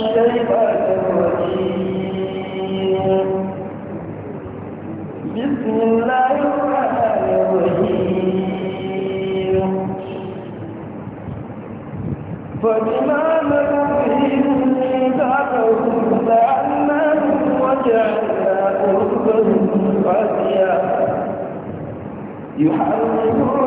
الشيطان الرجيم بسم الله الرحمن الرحيم فبما نقضهم ميثاقهم لعناهم وجعلنا قلوبهم قاسية يحرمون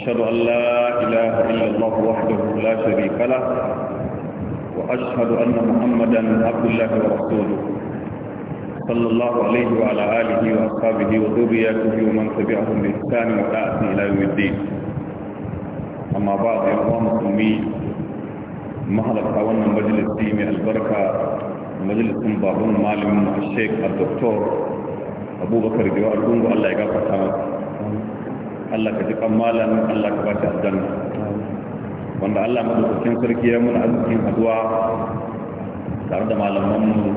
أشهد أن لا إله إلا الله وحده لا شريك له وأشهد أن محمدا عبد الله ورسوله صلى الله عليه وعلى آله وأصحابه وذرياته ومن تبعهم بإحسان وتأتي إلى يوم الدين أما بعد يا أخوان المسلمين مهلا تعاوننا مجلس ديم البركة مجلس بابون معلم الشيخ الدكتور أبو بكر جوار الله يغفر Allah ka ji kan malam Allah ka ba ta aljanna wanda Allah madaukakin sarki ya muna arzikin haduwa tare da malamanmu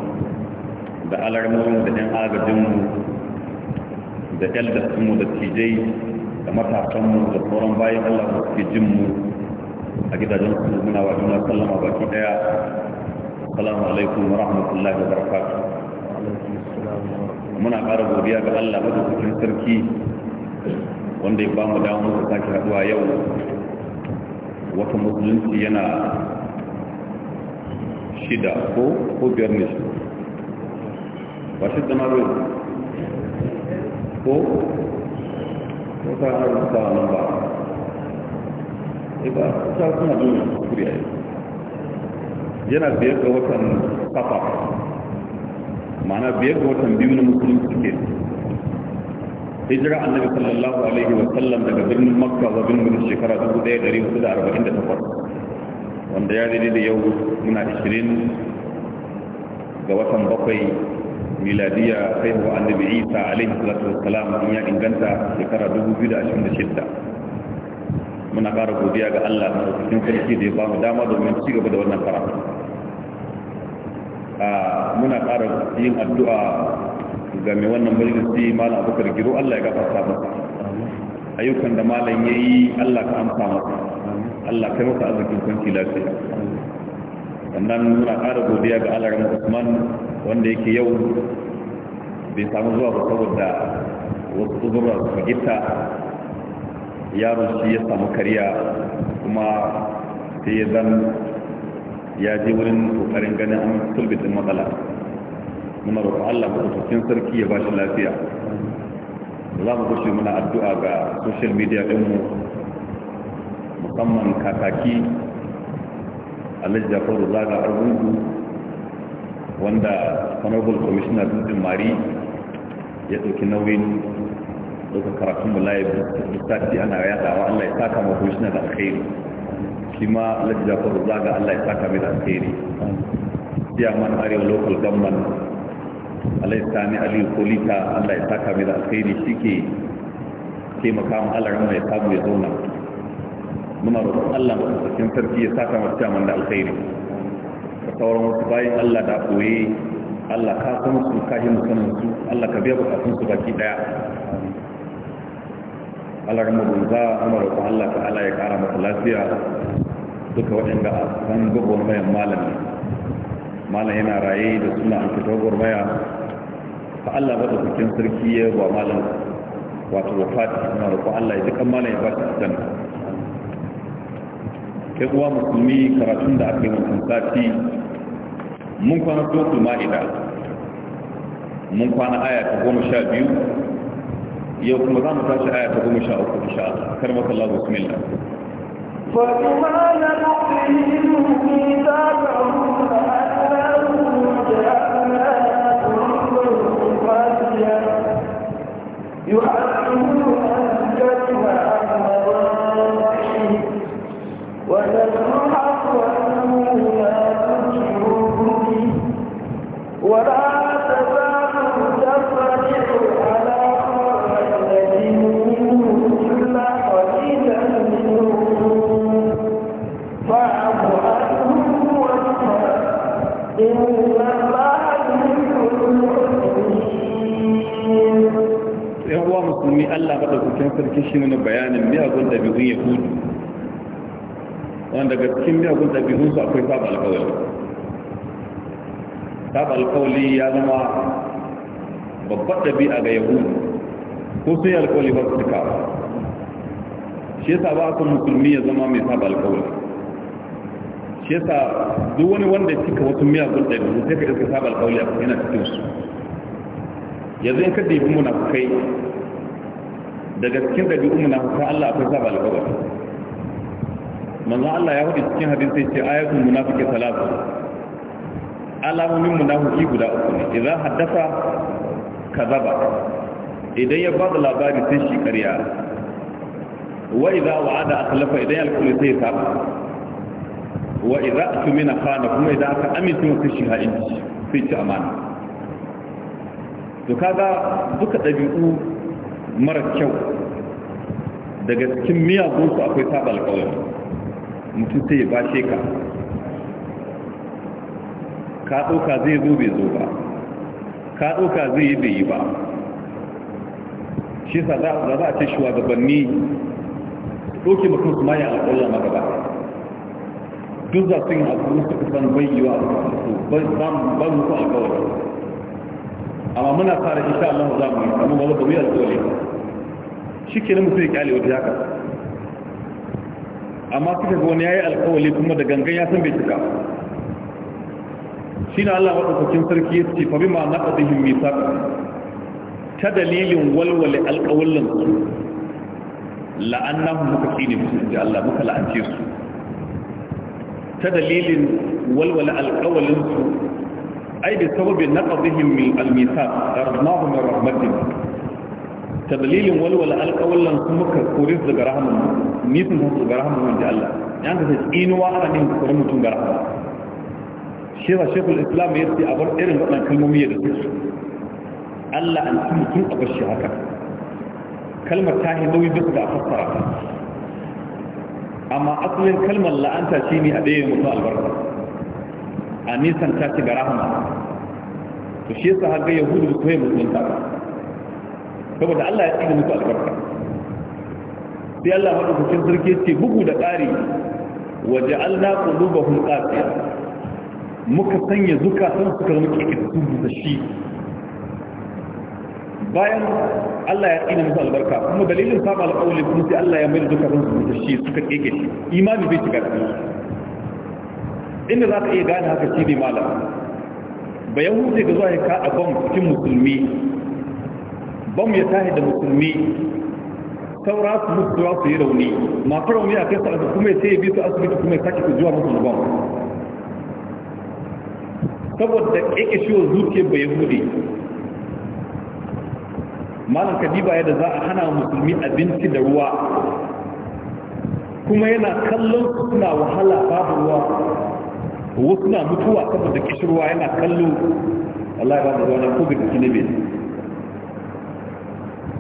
da alarmomu da ɗan agajinmu da eldasinmu da tijai da matasanmu da sauran bayan Allah da suke jinmu a gidajen su muna wa juna sallama baki ɗaya, assalamu alaikum wa rahmatullahi wa barakatuh muna ƙara godiya ga Allah madaukakin sarki wanda ya ba mu damu muka sake haduwa yau wata musulunci yana shida ko ko biyar ne shi ba shi da maro ko wata ana rubuta nan ba e ba ta kuma duniya kuriya yana biyar ga watan kafa ma'ana biyar ga watan biyu na musulunci ke hijira annabi sallallahu alaihi wa sallam daga birnin makka zuwa birnin shekara 1448 wanda ya dade da yau muna 20 ga watan bakwai miladiya sai wa annabi isa alaihi salatu wassalam in ya inganta shekara 2026 muna ƙara godiya ga Allah da cikin sarki da ya ba mu dama domin ci gaba da wannan karatu ah, muna ƙara yin addu'a ga mai wannan majalisi malam abubakar giro Allah ya gafarta masa ayyukan da malam ya yi Allah ka amsa masa Allah kai masa arzikin kwanci lafiya sannan muna ƙara godiya ga Allah ramar Usman wanda yake yau bai samu zuwa ba saboda wasu uzurra su fagita yaron shi ya samu kariya kuma sai ya zan ya je wurin kokarin ganin an sulbitin matsala muna roƙon Allah madaukakin sarki ya bashi lafiya za mu kushe muna addu'a ga social media ɗinmu musamman kakaki alhaji za ga argungu wanda honorable commissioner dutsen mari ya ɗauki nauyin duka karatun mu layi sati ana yadawa Allah ya saka ma commissioner da alkhairi shi ma alhaji za ga Allah ya saka mai da alkhairi siya man arewa local government alai sami aliyu kolita allah ya saka mai da alkhairi shi ke taimaka mu allah ya samu ya zauna muna roƙon allah ba cikin sarki ya saka masu jaman da alkhairi ka sauran wasu bayan allah da koye allah ka san su ka yi musanin su allah ka biya bukatun su baki daya allah ramu bunza muna roƙon allah Ala ya kara masa lafiya duka waɗanda a san gaba mayan malami malam yana raye da suna an fito gurmaya fa Allah ba da sarki ya ba malam wato wafati na roƙo Allah ya ji kan malam ya ba shi dan ke kuwa musulmi karatun da aka yi wancan sati mun kwana suratul ma'ida mun kwana aya ta goma sha biyu yau kuma za mu tashi aya ta goma sha uku insha Allah karmaka Allah bismillah فَبِمَا نَقْضِهِمْ مِيثَاقَهُمْ cikin wani bayanin miyagun ɗabi'un yahudu wanda daga cikin miyagun ɗabi'un su akwai saba alkawali saba alkawali ya zama babbar ɗabi'a ga yahudu ko sun yi alkawali ba su cika shi yasa ba a musulmi ya zama mai saba alkawali shi yasa duk wani wanda cika wasu miyagun ɗabi'u sai ka iska saba alkawali a yana cikin su yanzu in ka ɗabi munafukai daga cikin muna munafukan Allah akwai saba alƙawari manzo Allah ya faɗi cikin hadisi ce ayatul munafiki talatu. alamomin munafiki guda uku ne idan haddasa kazaba idan ya ba da labari sai shi ƙarya wa idza wa'ada akhlafa idan ya sai ya saba wa idza tumina khana kuma idan aka amince masa shi ha'inci sai ci amana to kaga duka ɗabi'u mara kyau daga cikin su akwai saba alkawari mutum sai ya bashe ka ka ɗauka zai zo bai zo ba ka ɗauka zai yi bai yi ba shi sa za a ce gabanni ɗauke mutum su mayan alƙawar ma gaba duk za su yi kuma su kusan bayyawa ba mu ku alƙawar amma muna fara insha Allah za mu yi amma wani ba mu yi alƙawar shi ke mutum ya kyale wata haka amma suka ga wani ya yi alkawali kuma da gangan ya san bai cika shi na allah maɗaukakin sarki ya ce fabi ma na ƙasihin misak ta dalilin walwale alkawallin su la'annahu muka kine musu da allah muka la'ance su ta dalilin walwale alkawalin su ai da sababin na ƙasihin al-misak da rahmahu min rahmatin ta dalilin walwala alƙawallan sun muka kore su daga rahaman nisan su daga rahaman wanda Allah ya ka sai inuwa ana yin kore mutum ga rahama shi yasa shekul islam ya ce a bar irin waɗannan kalmomi da su Allah an ci mutum a bar shi haka kalmar ta yi nauyi bisa da fassara amma asalin kalmar la'anta shi ne a ɗaya mutum albarka a nisan ta ci ga rahama to shi yasa har ga yahudu da koyar musulunta saboda Allah ya tsina muku albarka sai Allah madaukakin sarki ce bugu da ƙari wa ja'alna qulubahum qasiya muka sanya zukatan suka zama kikirtu da shi bayan Allah ya tsina musu albarka kuma dalilin saba alƙawli kuma sai Allah ya mai zukatan su da shi suka kike shi imani bai shiga cikin inda za ka iya gane haka shi ne malam bayan hutu ga zuwa ya ka a cikin musulmi bam ya tahi da musulmi saura su mutuwa su yi rauni masu rauni a kai su asibiti kuma ya sai ya bi su asibiti kuma ya sake su zuwa musu bam saboda ƙeƙe shi wa ba ya hude malam kadiba yadda za a hana musulmi abinci da ruwa kuma yana kallon suna wahala babu ruwa wasu na mutuwa saboda kishirwa yana kallo Allah ya ba da ruwa na ko bai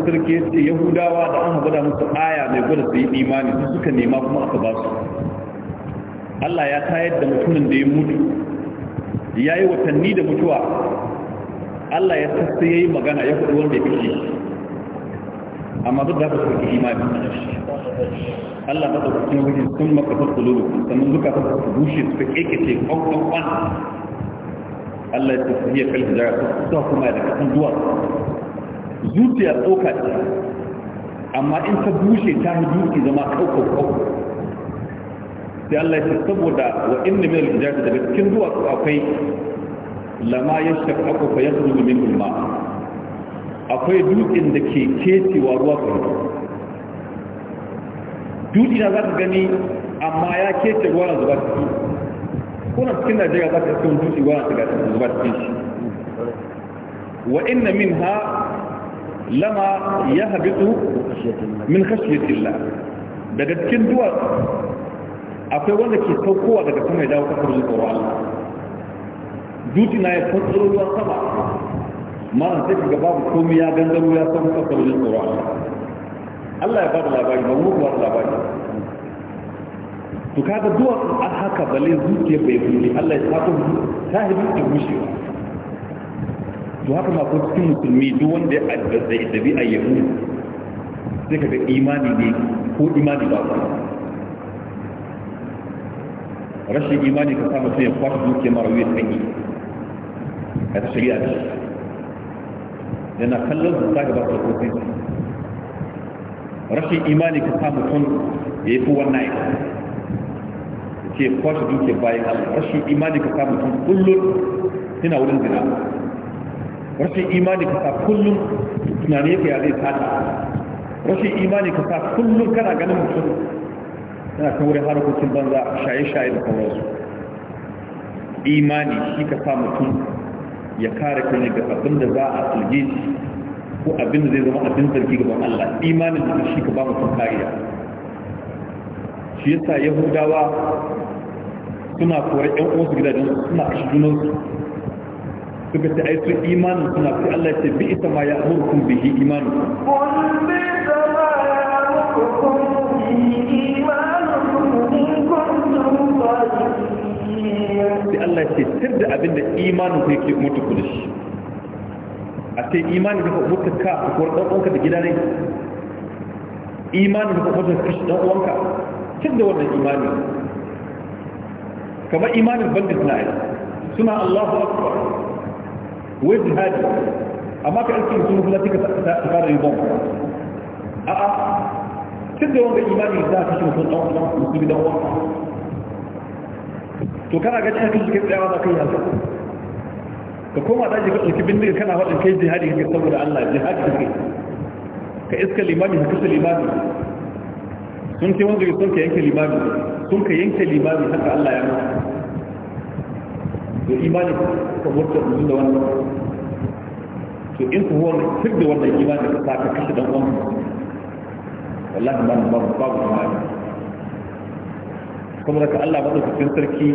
madaukakin sarki ya ce yahudawa da an haɓada musu aya mai gwada su yi imani su suka nema kuma aka ba su Allah ya tayar da mutumin da ya mutu ya yi watanni da mutuwa Allah ya sassa ya yi magana ya kudu wanda ya fi amma duk da haka suka imani Allah ta ɗauka cikin wajen sun makasar su lulu sannan zuka ta su bushe suka kekece kwankwankwan Allah ya tafi ya kalfi da ta kuma da kasan zuwa zuciya tsoka ce amma in ta bushe ta yi dutse zama kaukau kaukau sai Allah ya saboda wa inna min al-hijaz daga cikin duwatsu akwai lama ya shaqaqu fa yakhruju min al-ma akwai dukin da ke wa ruwa ko dutse da zaka gani amma ya kece ruwa na zuba ciki kuna cikin Najeriya zaka cikin dutse ruwa na zuba cikin shi wa inna minha lama ya habitu min khashiyatillah daga cikin duwatsu akwai wanda ke saukowa daga sama ya dawo kasar zuwa Allah duti na ya fassaro ruwa sama ma sai kaga babu komai ya gangaro ya san kasar zuwa Allah Allah ya ba da labari ba mu ba labari to kaga duwatsu a haka bale zuciya bai buɗe Allah ya sako sahibi ta bushewa to haka ma kuma cikin musulmi duk wanda ya addasa ya dabi a yahu sai ka ga imani ne ko imani ba ba rashin imani ka samu sai ya kwashe duke mara wuya sanyi a ta shari'a ce yana kallon su ta gaba sosai rashin imani ka samu tun ya yi fi wannan ya ce kwashe duke bayan allah rashin imani ka samu tun kullum suna wurin zina rashin imani ka sa kullum tunani ne ya zai sata rashin imani ka sa kullum kana ganin mutum yana kan wurin harkokin banza shaye-shaye da sauransu imani shi ka sa mutum ya kare kai ga abin da za a sulge shi ko abin da zai zama abin zargi gaban Allah imanin da shi ka ba mutum kariya shi yasa yahudawa suna kore ƴan uwansu gidajen suna kashe junansu suka ce ai su imanin suna sai Allah ce bi ita ma ya amurkum bihi imanin sai Allah ce tir da abin da imanin ku yake mutu ku da shi a ce imanin da ka mutu ka ka kuwar ɗan uwanka da gida ne imanin da ka mutu ka shi ɗan uwanka tir da wannan imanin kamar imanin bandit na suna Allahu Akbar wai jihadi amma ka aiki sun kula suka fara yi bom a a duk da wanda imani za a kashe mutum ɗan uwan musulmi ɗan uwan to kana ga cikin suke tsayawa za ka yi hasa ka koma daji ka ɗauki bindiga kana faɗin kai jihadi kake saboda Allah jihadi kake ka iska wanda ka yanke limami sun ka yanke Allah ya mutu da imanin ka murta mutum da wannan to in ku huwar fir da wannan imanin ka sa ka kashe dan uwan wallahi ma ba ba ba imani kuma daga Allah madaukakin sarki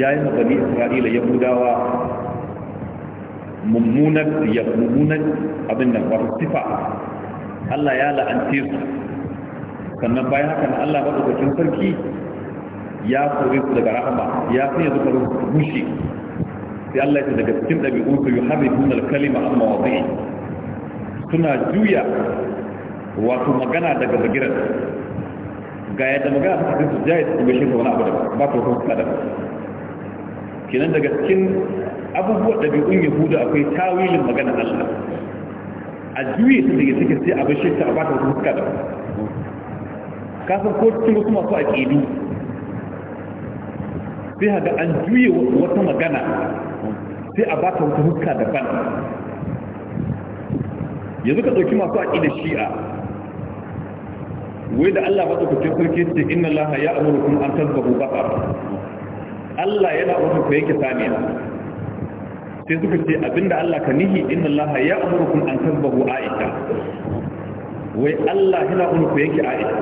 ya yi mabani Isra'ila Yahudawa mummunan ya mummunan abin nan wato sifa Allah ya la'ante su sannan bayan haka Allah madaukakin sarki ya kore su daga rahama ya sanya zukarun bushe sai Allah ya daga cikin ɗabi'un su yi harifun kalima, amma wazai suna juya wato magana daga bagiran ga yadda magana ta cikin su jaya su bashe ta wani abu da ba ta wasu kada kenan daga cikin abubuwan ɗabi'un yahuda akwai tawilin magana Allah a juye ta daga cikin sai a bashe ta ba ta wasu kada kasan ko cikin wasu masu aƙidu sai haga an juye wata magana sai a bata wata huska daban yanzu ka ɗauki masu aƙida shi'a wai da Allah maɗaukakin sarki ce inna laha ya amuru kuma an tasbahu baka Allah yana umarta ku yanke saniya sai suka ce abinda Allah ka nihi inna laha ya amuru kuma an tasbahu Aisha wai Allah yana umarta ku yanke Aisha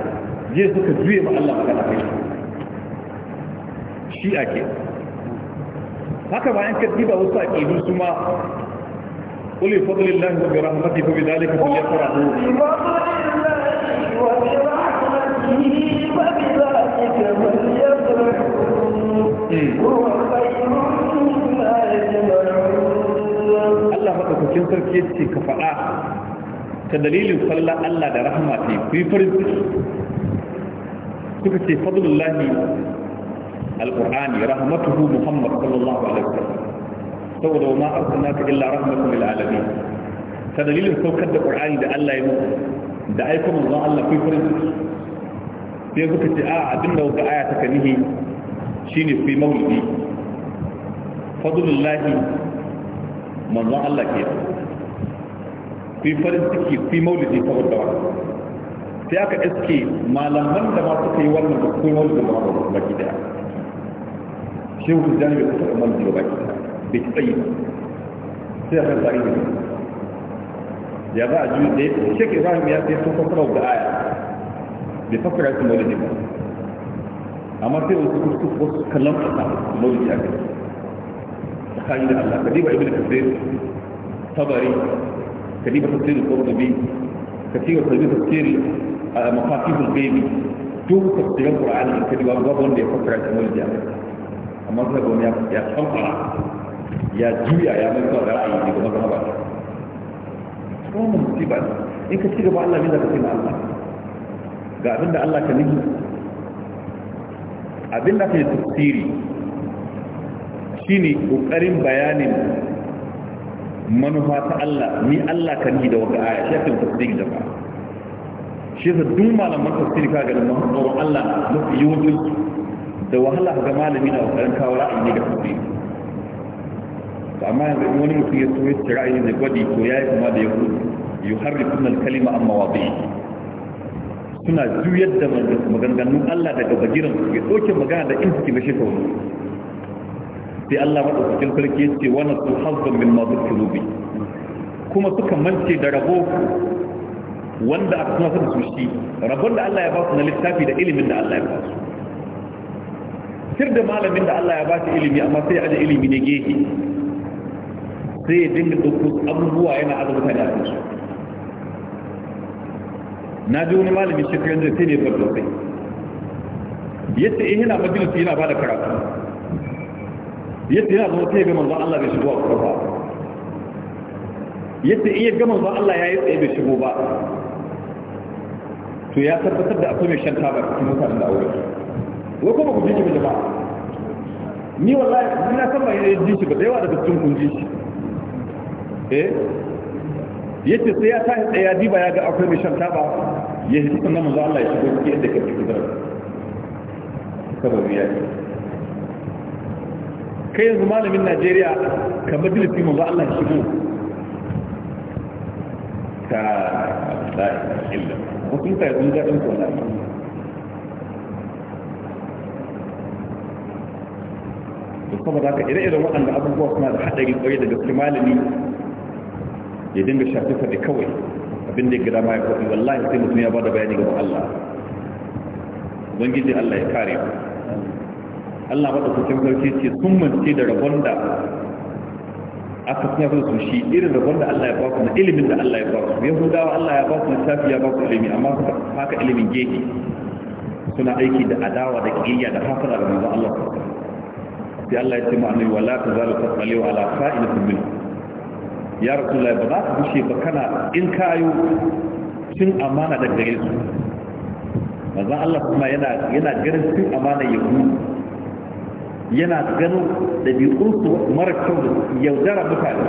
je suka juye ma Allah magana kai shi ake haka bayan ka diba wasu aƙidu su ma قل بفضل الله وبرحمته فبذلك فليفرحوا بفضل الله وبرحمته فبذلك فليفرحوا Allah sarki ya ce ka faɗa ta dalilin falla Allah da rahama ce ku yi farin ciki suka ce fadlullahi alqur'ani rahmatuhu muhammad sallallahu alaihi wasallam saboda ma arsalnaka illa rahmatan lil alamin ta dalilin saukar da qur'ani da Allah ya muku da aiko manzon Allah fi farin ciki sai suka ce a abin da wata aya ta nihi shine fi maulidi fadlullahi manzon Allah ke fi farin ciki fi maulidi saboda wannan sai aka iske malaman da ma suka yi wannan da kuma maulidi da ba baki daya شيخ الجانب الكتب أمام الجلوبات بتقيم سيخ الضعيم يضع جيد شيخ إبراهيم يأتي سفر الدعاية بفكر عيس المولد إبراهيم أما في أسفر كفر كلام أصحاب المولد يأكل تخيل الله كذيب ابن كثير صبري كذيب تفسير القرطبي كثير كذيب تفسير آه، مقاتيب البيبي جوه تفسير القرآن الكريم وابواب ونبي فكر عيس المولد يأكل amma suka ga ya kamfara ya juya ya mai zuwa ra'ayi ne ga maza ba wannan musiba ne in ka ci gaba Allah ne da kake na Allah ga abin da Allah ka nufi abin da ka yi tafsiri shine kokarin bayanin manufa ta Allah ni Allah ka ni da wata aya shafin tafsiri da ba shi yasa duk malaman tafsiri ka ga da tsoron Allah mafi yawancin da wahala ga malami na kokarin kawo ra'ayi ne ga kuɗi to amma yanzu in wani mutum ya so ya ci ra'ayi ne gwadi ko ya yi kuma da ya yahudu yuharrifun al-kalima amma wabi suna juyar da maganganun Allah daga bagiran su ya ɗauke magana da in suke bashi kawai sai Allah maɗaukakin sarki ya ce wani su hazzon min masu kirubi kuma suka mance da rabo wanda a suna suka su shi rabon da Allah ya ba su na littafi da ilimin da Allah ya ba su tir da malamin da Allah ya ba shi ilimi amma sai aje ilimi ne gehe sai ya dinga ɗauko abubuwa yana azabta da su na ji wani malami shi kan sai ne bar sosai yace eh yana majalisi yana bada karatu yace yana zo sai ga manzo Allah bai shigo a kofa yace in ya ga manzo Allah yayi tsaye bai shigo ba to ya tabbatar da akwai mai shan taba cikin mutanen da aure wai kuma ku jiki da ba ni wallahi ni na san bai ji shi ba da yawa daga cikin kun ji shi eh yace sai ya tashi tsaya diba ya ga akwai mai shan taba ya hiji sannan manzo Allah ya shigo cikin yadda kake kidar saboda ya kai yanzu malamin Najeriya kamar dilifi manzo Allah ya shigo ta la ilaha illa wasu mutane sun ga ɗin kwanan saboda ka ire-iren waɗanda abubuwa suna da haɗari ƙwai daga gaske malami ya dinga shafi faɗi kawai abin da ya gida ma ya wallahi sai mutum ya ba bada bayani gaban Allah ubangiji Allah ya kare ku. Allah ba da kucin sarki ce sun mance da rabon da aka suna zo su shi irin rabon da Allah ya ba ku na ilimin da Allah ya ba su yahudawa Allah ya ba su littafi ya ba ku ilimi amma su haka ilimin gehe suna aiki da adawa da kiyayya da hasara da manzon Allah sallallahu sai Allah ya ce ma'ana wala ta zalu tasaliu ala fa'ilatin min ya rasulullahi ba za ka bushe ba kana in ka kayo cin amana da gare su manzo Allah kuma yana yana ganin cin amana ya yahudu yana ganin ɗabi'un su mara kyau da yaudara mutane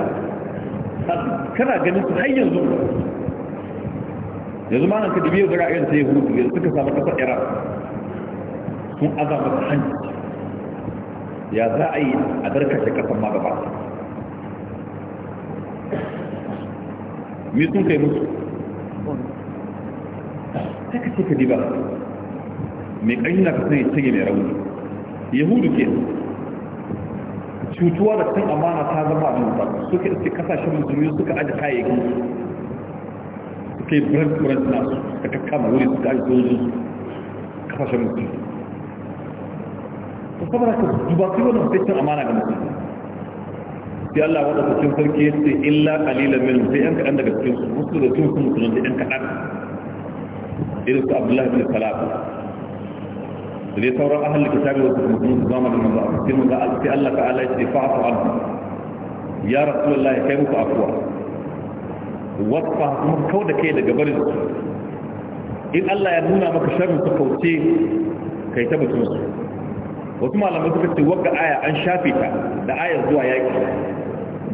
kana ganin su har yanzu yanzu ma nan ka dubi yaudara irin sai yahudu yanzu suka samu kasar iraq sun azama ta hanyar. ya za a yi a darkashe kasan ma gaba mi sun kai musu ta ka ce ka diba mai ƙanyi na sanya ya cige mai rauni yahudu ke cutuwa da cin amana ta zama a nuna suka iske kasashen musulmi suka aji kayayyakin suka yi brent brent nasu suka kakkama wuri suka aji sojin kasashen musulmi saboda ka duba kai wannan fitin amana ga mutum sai Allah wanda ta cikin sarki ya ce illa qalilan min sai yan kadan daga cikin su wasu da cikin su mutum da yan kadan irin su Abdullah bin Salam da sauran ahli kitabi wasu mutum su zama da manzo sai manzo sai Allah ta'ala ya ce fa'fu anhu ya rasulullah kai muku afwa wasfa kuma da kai daga barin su in Allah ya nuna maka sharri ka kauce kai ta mutum su wasu malamai suka ce wagga aya an shafe ta da aya zuwa yaki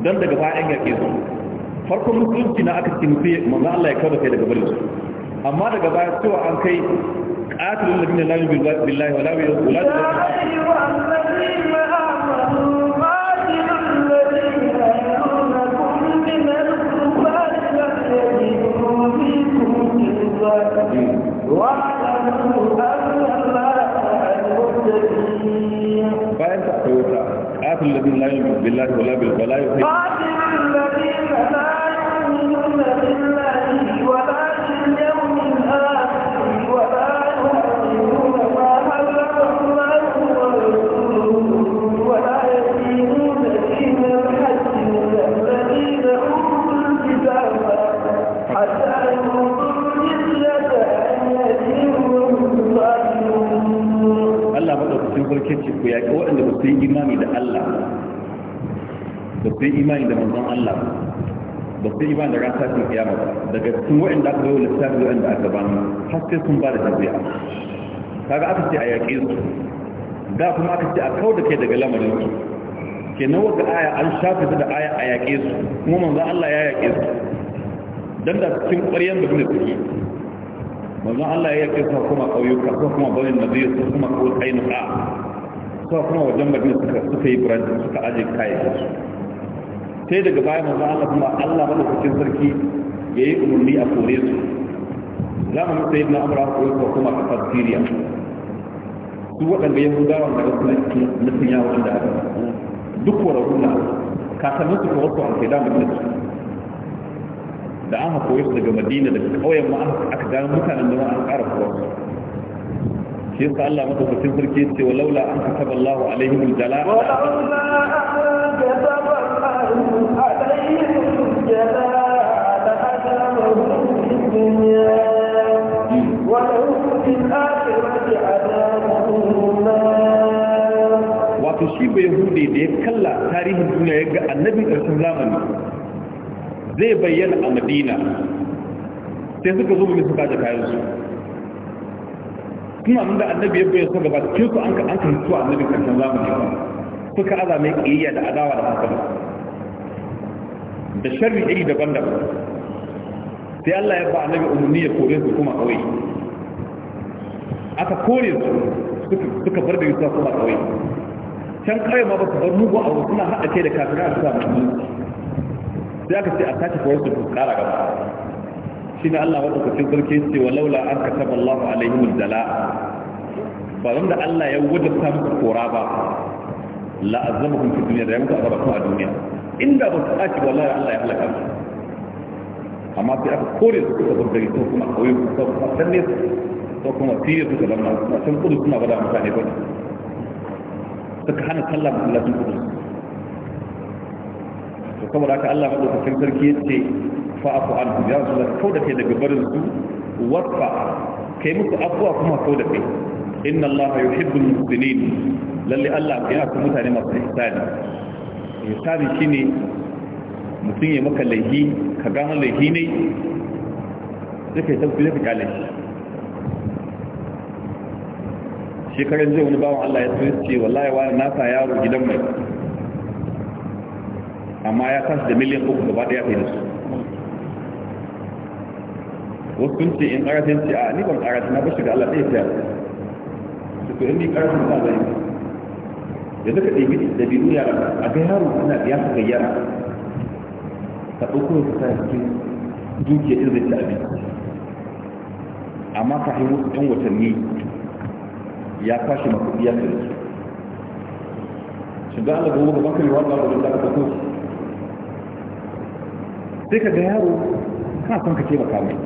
don daga bayan yaƙe su farkon musulunci na aka ce mutu manzo Allah ya kawo kai daga barin su amma daga baya cewa an kai qatilul ladina la yu'minu billahi wa la yu'minu وَاعْلَمُوا قاتل الذين لا يؤمنون بالله ولا بالبلاء قاتل الذين لا يؤمنون بالله ku yaƙi waɗanda ba su yi imani da Allah ba su yi imani da manzon Allah ba su yi imani da rasa sun kiyama ba daga cikin waɗanda aka bayo lissafi waɗanda aka ba mu har sai sun ba da tafiya kaga aka ce a yaƙe su da kuma aka ce a kau da kai daga lamarin su kenan wata aya an shafe ta da aya a yaƙe su kuma manzon Allah ya yaƙe su dan da cikin ƙwaryan da ne suke manzon Allah ya yaƙe su kuma ƙauyuka kuma bani nabiyu kuma ko ainuka suka kuma wajen madina suka yi branch suka aje kayayyakin su sai daga baya manzo Allah kuma Allah madaukakin sarki yayi umurni a kore su zamanin sai na amra ko ko kuma kasar Syria su waɗanda Yahudawan da wasu na sun yawo da aka duk wararru na kakannin su ko wasu an kai da madina da an haƙo daga madina daga ƙauyen ma aka gano mutanen da ma an ƙara kuwa shi yasa Allah madaukakin sarki ya ce wa laula an kataba Allahu alaihim aljala wa wato shi bai hude da ya kalla tarihin duniya ya ga annabi karshen zamani zai bayyana a Madina sai suka zo mu suka da kayan su tunanin da annabi ya bayyana gaba da ku an ka an ka hisuwa annabi karshen zamani ba ka aza mai kiyayya da adawa da haka da sharri iri daban-daban sai Allah ya ba annabi umarni ya kore su kuma kawai aka kore su suka bar da yusa kuma kawai can kawai ma ba su bar mugu a wasu na haɗa kai da kafin a sa sai aka ce a sake kore su kara gaba shi ne Allah maɗaukacin sarki ce wa laula an ka taɓa Allah alaihim dala ba wanda Allah ya wajabta muku kora ba la azamukum fi dunya da ya muku azaba a duniya inda ba su tsaki wallahi Allah ya halaka su amma sai aka kore su kuka bar gari ko kuma kauye ku ko kuma sanne ko kuma fiye su ka zama kuma san kudu suna da mutane ba suka hana sallah masallacin kudu to saboda haka Allah maɗaukacin sarki ya ce fa'afu an ya rasu da kau da kai daga barin su wasfa kai musu abuwa kuma kau da kai inna Allah ya hibbu musulmin lalle Allah ya su mutane masu ihsani ihsani shine mutum ya maka laihi ka gano laihi ne sai kai da ka kyale shi shekarar zai wani bawan Allah ya tsoye ce wallahi wani nasa yaro gidan mai amma ya tashi da miliyan uku gaba daya kai da su wasu sun ce in arasin ce a ni ban arasin na bashi da Allah ɗaya ta su to in ni arasin ba zai yanzu ka da biyu yara a ga yaro suna ya suka yara ka ɗauko su sa cikin dukiya irin da abinci amma kafin wasu ɗan watanni ya kwashe makuɗi ya fi su shi da Allah gobe gaban kan yawon da wajen da aka sai ka ga yaro kana son ka taimaka mai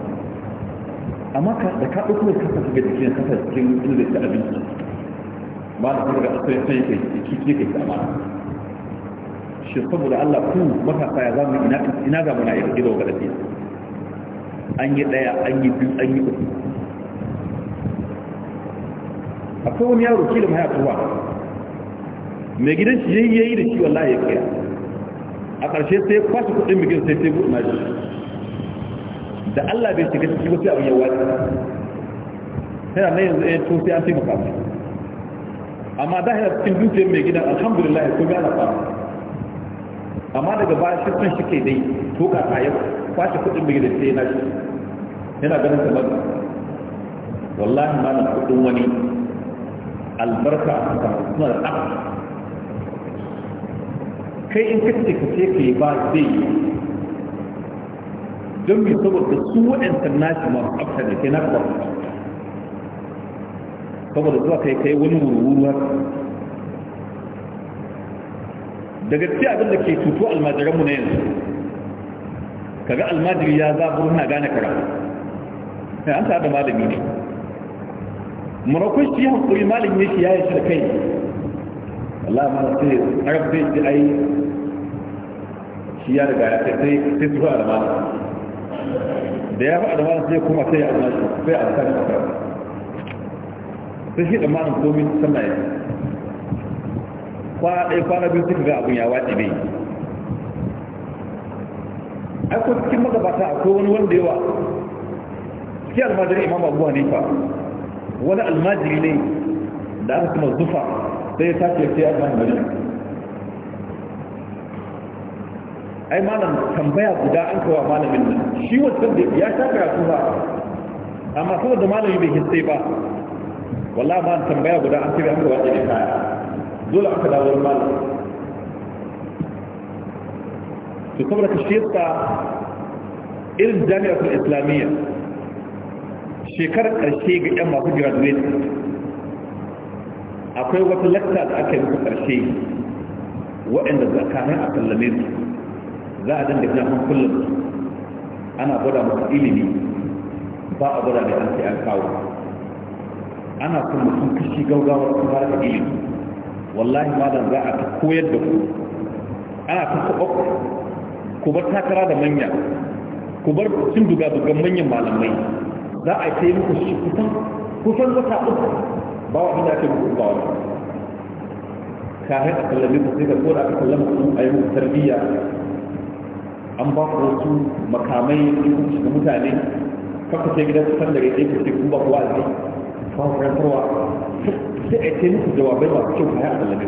amma da ka ɗauko da kasa ga jikin kasa cikin inda da abinci ba da kuma ga asirin sai kai ciki kai sama shi saboda Allah ku matasa ya zamu ina ina ga muna irin gidan ga an yi daya an yi biyu an yi uku akwai wani yaro kila mai atuwa mai gidan shi yayi yayi da shi wallahi ya kai a ƙarshe sai ya kwashe kuɗin bigin sai sai buɗe na da Allah bai shiga cikin ba abin yawa Ne yana nan yanzu ɗaya eh, to an taimaka mai amma da yana cikin dukiyar mai gidan alhamdulillah ya ga ana fara amma daga baya shi sun shi kai dai to ka tsaye kwace kudin mai gidan sai na shi yana ganin kamar wallahi ma na kudin wani albarka a kan suna da ɗan kai in kace ka ce ka yi ba zai yi don mai saboda su waɗancan nashi masu tsafta da ke na kwa saboda zuwa kai kai wani wurwuruwa daga ci abin da ke tutu almajiranmu na yanzu kaga almajiri ya zaburu na gane karatu sai eh, an da malami ne murakun shi hankuri malami ya shi ya yi shi da kai Allah ma sai arab zai ji ai shi ya riga ya kai sai da almajiri da ya faɗa mana sai kuma sai a sai a tsaka da sai shi da malam komai sallah ya kwana ɗaya kwana biyu suka ga abun ya waɗe bai akwai cikin magabata akwai wani wanda yawa cikin almajirin imam abu hanifa wani almajiri ne da aka kuma zufa sai ya tafi ya ce ya ai malam tambaya guda an kawo malamin nan shi wancan da ya sha karatu ba amma kuma da malami bai hisse ba wallahi ba tambaya guda an kawo an kawo da kaya dole aka dawo malam to kuma ka shiyarta irin jami'atul islamiyya shekarar karshe ga 'yan masu graduate akwai wata lakta da aka yi karshe wa'anda waɗanda zakanin a sallame su za a danda jami'an kullum ana gwada masa ilimi ba a gwada da an sai an kawo ana son mutum kashi gaugawa su fara da ilimi wallahi malam za a ta koyar da ku ana ta ku ku ku bar takara da manya ku bar cin duga dugan manyan malamai za a yi muku shi kusan kusan wata uku ba wa inda ake muku ba wa kafin a kallabi ku sai ka koda aka sallama a yi muku tarbiyya an ba ku wasu makamai hukunci ga mutane kaka sai gidan kusan da gaje kusa kuma ba ku wa'azi ba ku rantarwa sai a ce muku jawabai masu kyau a alalabe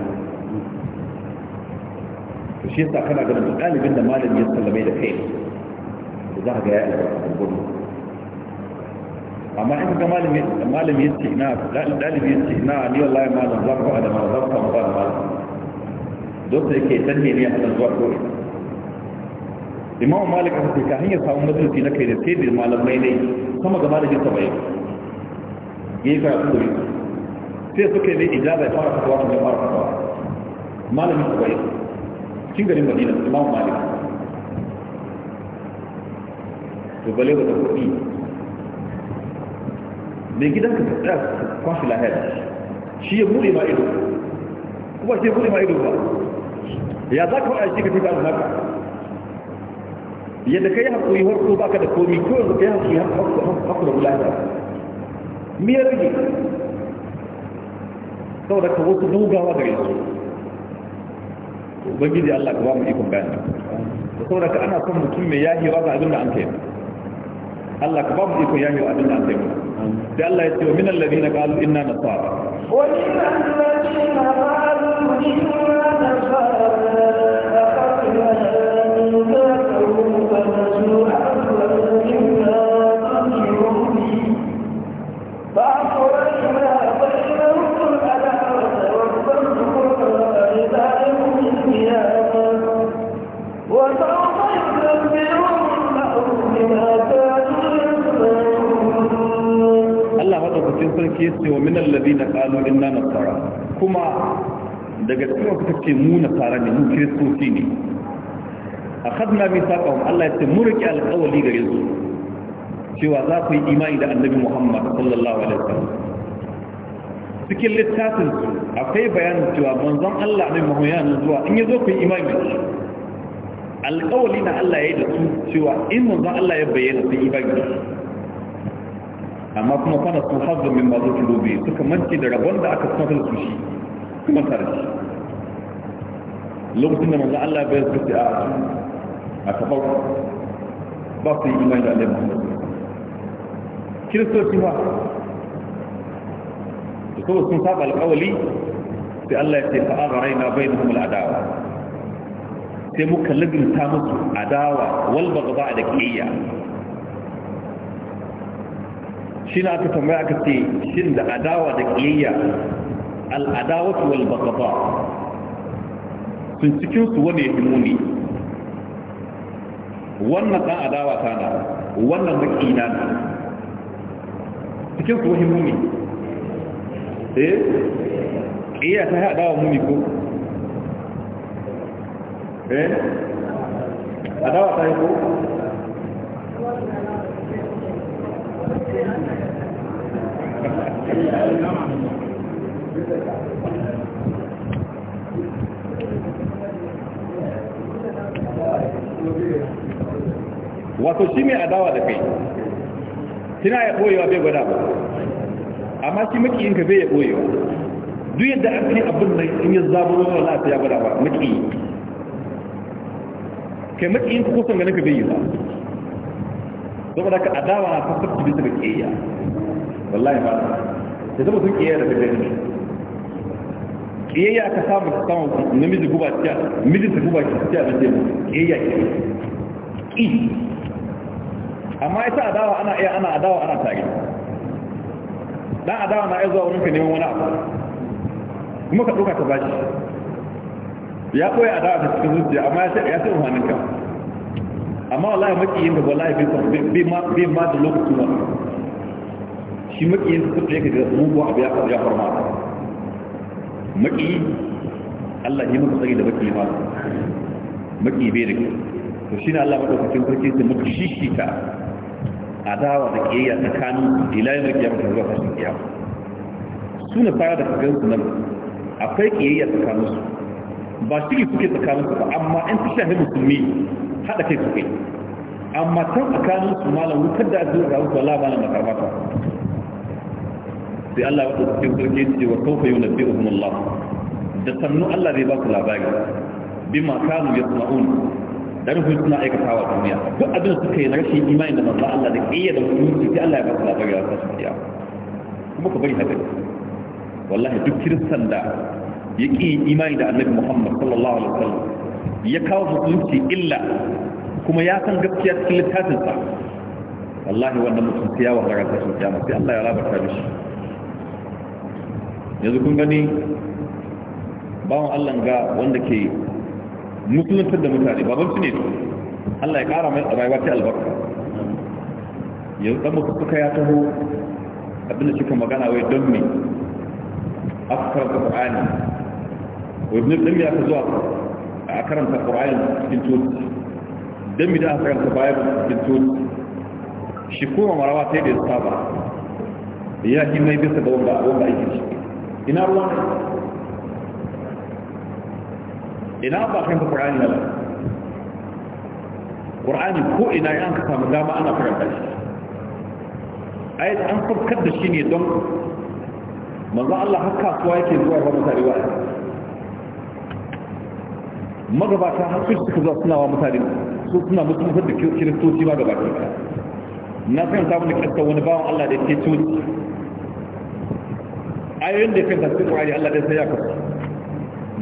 to shi yasa kana ganin da ɗalibin da malami ya sallame da kai da za ka ga ya albarka gudu amma in ga malami malami ya ce ina ɗalibi ya ce ina ni wallahi malam za ku ba da malam za ku ba da malam don sai ke danne ne a kan zuwa kawai imamu malik aka ce kafin samun samu majalisi na kai da sai da malamai ne sama gaba da jinsa bai ya yi karatu da yinsa sai suka yi ne ijaza ya fara fatawa kuma ya fara fatawa malamin su bai cikin garin madina imamu malik to bale da kuɗi mai gidan ka tsaya kwashi lahiyar shi ya buɗe ma ido kuma shi ya buɗe ma ido ba ya za ka waɗa shi ka ce ta yadda kai hakuri harko baka da komi ko yanzu kai hakuri haku da bulata me ya rage saboda ka wasu dogawa gare su ubangiji Allah ka ba mu ikon bayani saboda ka ana son mutum mai yahewa ga abin da an kai Allah ka ba mu ikon yahewa abin da an kai sai Allah ya ce wa min alladhina qalu inna nasara wa min alladhina qalu inna sarki ya ce wa min alladhina qalu inna nasara kuma daga cikin wanda ce mu nasara ne mu kiristoci ne akhadna mithaqahum Allah ya ce mu riki alƙawali gare su cewa za ku yi imani da annabi Muhammad sallallahu alaihi wasallam cikin littafin su akwai bayanin cewa manzon Allah ne Muhammad zuwa in yazo ku yi imani da shi alƙawali na Allah ya yi da su cewa in manzon Allah ya bayyana sai imani amma kuma fara sun hazzon min mazo tulobe suka manci da rabon da aka sanar su shi kuma tare shi lokacin da manzo Allah bai suka ce a a kafar ba su yi imani da Allah Muhammad kiristoci ba da kuma sun saba alƙawali sai Allah ya ce fa'ara raina bainahum al'adawa sai muka lagunta musu adawa wal baghdha da kiyya shi na aka tambaya aka ce shin da adawa da ƙiyayya su wal bakaba sun cikin su wani yafi muni wannan ɗan adawa ta na wannan makina na cikin su wani muni eh ƙiyayya ta adawa muni ko eh adawa ta yi ko wato shi mai adawa da kai kina ya boyewa bai gwada ba amma shi makiyinka bai ya boyewa duk yadda an kai abin da in ya zabo wani wala ta ya gwada ba makiyi kai makiyin ka kusan ganin ka bai yi ba saboda ka adawa na fasar kibisa ga kiyayya wallahi ba da zama sun kiyaya daga gani kiyaya aka samu samun namiji guba ciya mijinta guba ciya da teku kiyaya ke ƙi amma ita adawa ana iya ana adawa ana tare dan adawa na iya zuwa wurinka neman wani abu kuma ka ɗauka ta bashi ya koya adawa ta cikin zuciya amma ya sai umarninka amma wallahi makiyin da wallahi bai ma da lokacin wani shi makiyin su kuɗe ka da mugun abu ya farma maki Allah ne maka tsari da maki ma maki bai da kyau to shi ne Allah maɗaukakin farki su maka shishita dawa da ƙiyayya tsakanin ilayen da maka zuwa fashin kiyama su ne fara da kagan su nan akwai ƙiyayya tsakanin su ba ne suke tsakanin su ba amma in su shahin musulmi haɗa kai su kai amma can tsakanin su malam wutar da azuwa ga wutar labarin makarmata sai Allah ya ɗauki sarki ce wa kawfa yau na bi Allah da sannu Allah zai ba ku labari bima kanu ya sana'un da rufin suna aikatawa duniya duk abin suka yi na rashin imani da manzo Allah da kiyya da mutunci sai Allah ya ba ku labari a kasu kiya kuma ka bari haka wallahi duk kiristan da ya ƙi imani da annabi Muhammad sallallahu alaihi wasallam ya kawo mutunci illa kuma ya san gaskiya cikin littafinsa wallahi wannan mutum sai ya wahala ga tashin kiyama sai Allah ya labarta mishi yanzu kun gani bawan Allah ga wanda ke musuluntar da mutane baban su ne Allah ya kara mai rayuwa ta albarka yanzu ɗan mutum suka ya taho abinda suka magana wai don me aka karanta Qur'ani wai ne ɗan ya aka zuwa a karanta Qur'ani cikin tutu don me da aka karanta bayan cikin tutu shi kuma marawa ta da saba ya yi mai bisa ga wanda wanda ake shi ina ruwan ina ba kan qur'ani ba qur'ani ko ina an ka samu dama ana karanta shi ayat an farkar da shi ne don manzo Allah har kasuwa yake zuwa ba mutane wa magabata har su suka zo suna wa mutane su suna musulunta da kiristoci ma gabata na kan samu da kirkan wani bawan Allah da yake coci ayoyin da kan tafsirin ƙwari Allah dai sai ya kafa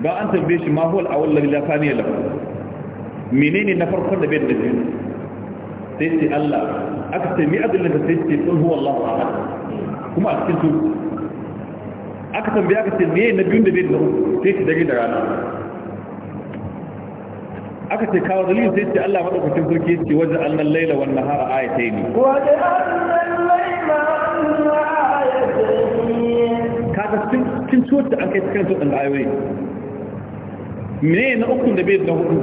ba an tambaye shi ma huwal awwal ladhi la thaniya lahu menene na farkon da bai da biyu sai ce Allah aka ce mi adalin da sai ce sun huwa Allahu ahad kuma a cikin su aka tambaye aka ce me na biyun da bai da sai ce dare da rana aka ce kawo dalilin sai ce Allah madaukakin sarki ce wajen annal laila wan nahara ayatayn waje annal laila kaga cikin ciwon da an kai cikin ciwon da ayoyi mene na ukun da bai na hudu